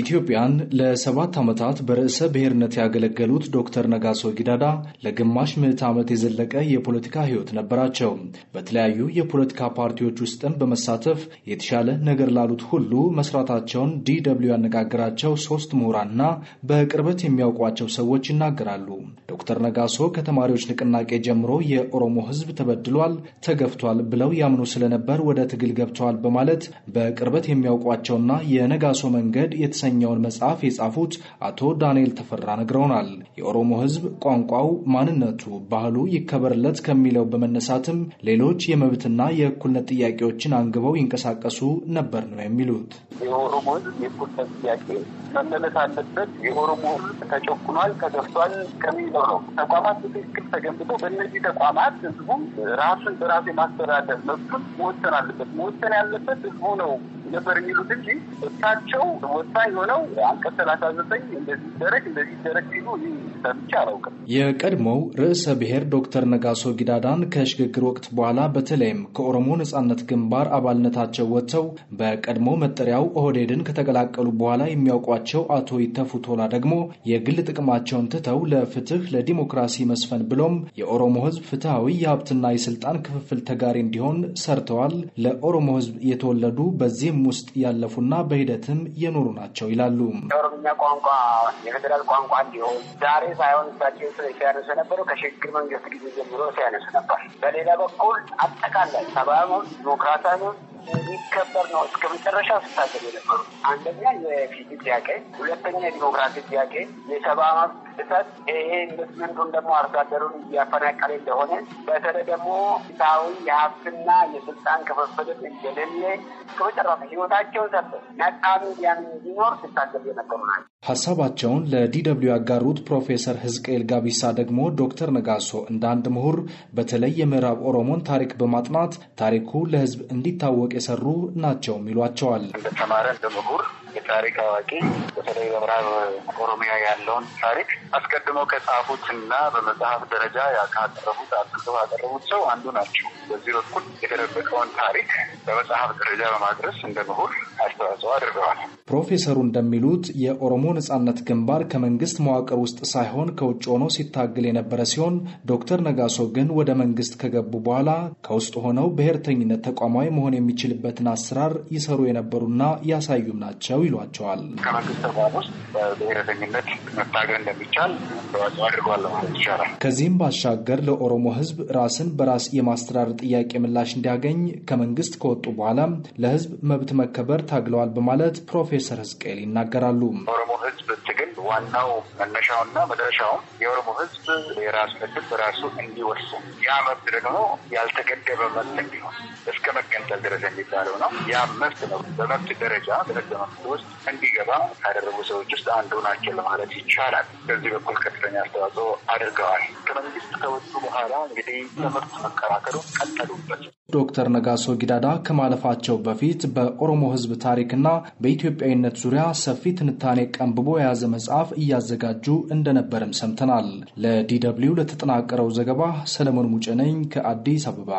ኢትዮጵያን ለሰባት ዓመታት በርዕሰ ብሔርነት ያገለገሉት ዶክተር ነጋሶ ጊዳዳ ለግማሽ ምት ዓመት የዘለቀ የፖለቲካ ሕይወት ነበራቸው። በተለያዩ የፖለቲካ ፓርቲዎች ውስጥም በመሳተፍ የተሻለ ነገር ላሉት ሁሉ መስራታቸውን ዲ ደብልዩ ያነጋገራቸው ሶስት ምሁራንና በቅርበት የሚያውቋቸው ሰዎች ይናገራሉ። ዶክተር ነጋሶ ከተማሪዎች ንቅናቄ ጀምሮ የኦሮሞ ሕዝብ ተበድሏል፣ ተገፍቷል ብለው ያምኑ ስለነበር ወደ ትግል ገብተዋል በማለት በቅርበት የሚያውቋቸውና የነጋሶ መንገድ የተሰ የተሰኘውን መጽሐፍ የጻፉት አቶ ዳንኤል ተፈራ ነግረውናል። የኦሮሞ ሕዝብ ቋንቋው፣ ማንነቱ፣ ባህሉ ይከበርለት ከሚለው በመነሳትም ሌሎች የመብትና የእኩልነት ጥያቄዎችን አንግበው ይንቀሳቀሱ ነበር ነው የሚሉት። የኦሮሞ ህዝብ የእኩልነት ጥያቄ መመለስ አለበት፣ የኦሮሞ ህዝብ ተጨኩኗል፣ ተገፍቷል ከሚለው ነው። ተቋማት ትክክል ተገንብቶ በእነዚህ ተቋማት ህዝቡም ራሱን በራሱ የማስተዳደር መብቱን መወሰን አለበት። መወሰን ያለበት ህዝቡ ነው። ነበር የሚሉት እንጂ እሳቸው ወሳኝ ሆነው አንቀጽ ሰላሳ ዘጠኝ እንደዚህ ደረግ እንደዚህ ደረግ ሲሉ ሰምቼ አላውቅም። የቀድሞው ርዕሰ ብሔር ዶክተር ነጋሶ ጊዳዳን ከሽግግር ወቅት በኋላ በተለይም ከኦሮሞ ነጻነት ግንባር አባልነታቸው ወጥተው በቀድሞ መጠሪያው ኦህዴድን ከተቀላቀሉ በኋላ የሚያውቋቸው አቶ ይተፉ ቶላ ደግሞ የግል ጥቅማቸውን ትተው ለፍትህ ለዲሞክራሲ መስፈን ብሎም የኦሮሞ ህዝብ ፍትሐዊ የሀብትና የስልጣን ክፍፍል ተጋሪ እንዲሆን ሰርተዋል። ለኦሮሞ ህዝብ የተወለዱ በዚህ በዚህም ውስጥ ያለፉና በሂደትም የኖሩ ናቸው ይላሉ። የኦሮምኛ ቋንቋ የፌዴራል ቋንቋ እንዲሆን ዛሬ ሳይሆን እሳቸው ሲያነሱ ነበሩ። ከሽግግር መንግስት ጊዜ ጀምሮ ሲያነሱ ነበር። በሌላ በኩል አጠቃላይ ሰብአሙን መብት ዲሞክራሲያዊ ነው እስከ መጨረሻ ስታገል የነበሩ አንደኛ የፊት ጥያቄ፣ ሁለተኛ የዲሞክራሲ ጥያቄ፣ የሰብአዊ መብት ስጠት ይሄ ኢንቨስትመንቱን ደግሞ አርሶ አደሩን እያፈናቀለ እንደሆነ በተለይ ደግሞ ሳዊ የሀብትና የስልጣን ክፍፍልም እንደሌለ ከመጨረሻ ህይወታቸውን ሰጥ ነቃሚ ያን እንዲኖር ሲታገል የነበሩ ናቸው። ሀሳባቸውን ለዲደብሊው ያጋሩት ፕሮፌሰር ህዝቅኤል ጋቢሳ ደግሞ ዶክተር ነጋሶ እንደ አንድ ምሁር በተለይ የምዕራብ ኦሮሞን ታሪክ በማጥናት ታሪኩ ለህዝብ እንዲታወቅ የሰሩ ናቸው ይሏቸዋል። እንደ ተማረ እንደ ምሁር የታሪክ አዋቂ በተለይ በምዕራብ ኦሮሚያ ያለውን ታሪክ አስቀድመው ከጻፉት እና በመጽሐፍ ደረጃ ካቀረቡት አጥንተው ያቀረቡት ሰው አንዱ ናቸው። በዚህ በኩል የተደበቀውን ታሪክ በመጽሐፍ ደረጃ በማድረስ እንደ ምሁር አስተዋጽኦ አድርገዋል። ፕሮፌሰሩ እንደሚሉት የኦሮሞ ነጻነት ግንባር ከመንግስት መዋቅር ውስጥ ሳይሆን ከውጭ ሆኖ ሲታግል የነበረ ሲሆን ዶክተር ነጋሶ ግን ወደ መንግስት ከገቡ በኋላ ከውስጥ ሆነው ብሔርተኝነት ተቋማዊ መሆን የሚችልበትን አሰራር ይሰሩ የነበሩና ያሳዩም ናቸው ይሏቸዋል። ከመንግስት ተቋም ውስጥ መታገል እንደሚቻል አድርጓል ማለት ይቻላል። ከዚህም ባሻገር ለኦሮሞ ህዝብ ራስን በራስ የማስተዳደር ጥያቄ ምላሽ እንዲያገኝ ከመንግስት ከወጡ በኋላ ለህዝብ መብት መከበር ታግለዋል በማለት ፕሮፌ ፕሮፌሰር ህዝቅኤል ይናገራሉ። ኦሮሞ ህዝብ ትግል ዋናው መነሻውና መድረሻውም የኦሮሞ ህዝብ የራሱ እድል በራሱ እንዲወስን ያ መብት ደግሞ ያልተገደበ መብት እንዲሆን እስከ መገንጠል ደረጃ የሚባለው ነው። ያ መብት ነው በመብት ደረጃ በህገ መንግስት ውስጥ እንዲገባ ካደረጉ ሰዎች ውስጥ አንዱ ናቸው ለማለት ይቻላል። በዚህ በኩል ከፍተኛ አስተዋጽኦ አድርገዋል። ከመንግስት ከወጡ በኋላ እንግዲህ ለመብት መከራከሩ ቀጠሉበት። ዶክተር ነጋሶ ጊዳዳ ከማለፋቸው በፊት በኦሮሞ ሕዝብ ታሪክና በኢትዮጵያዊነት ዙሪያ ሰፊ ትንታኔ ቀንብቦ የያዘ መጽሐፍ እያዘጋጁ እንደነበርም ሰምተናል። ለዲ ለተጠናቀረው ዘገባ ሰለሞን ሙጨነኝ ነኝ ከአዲስ አበባ።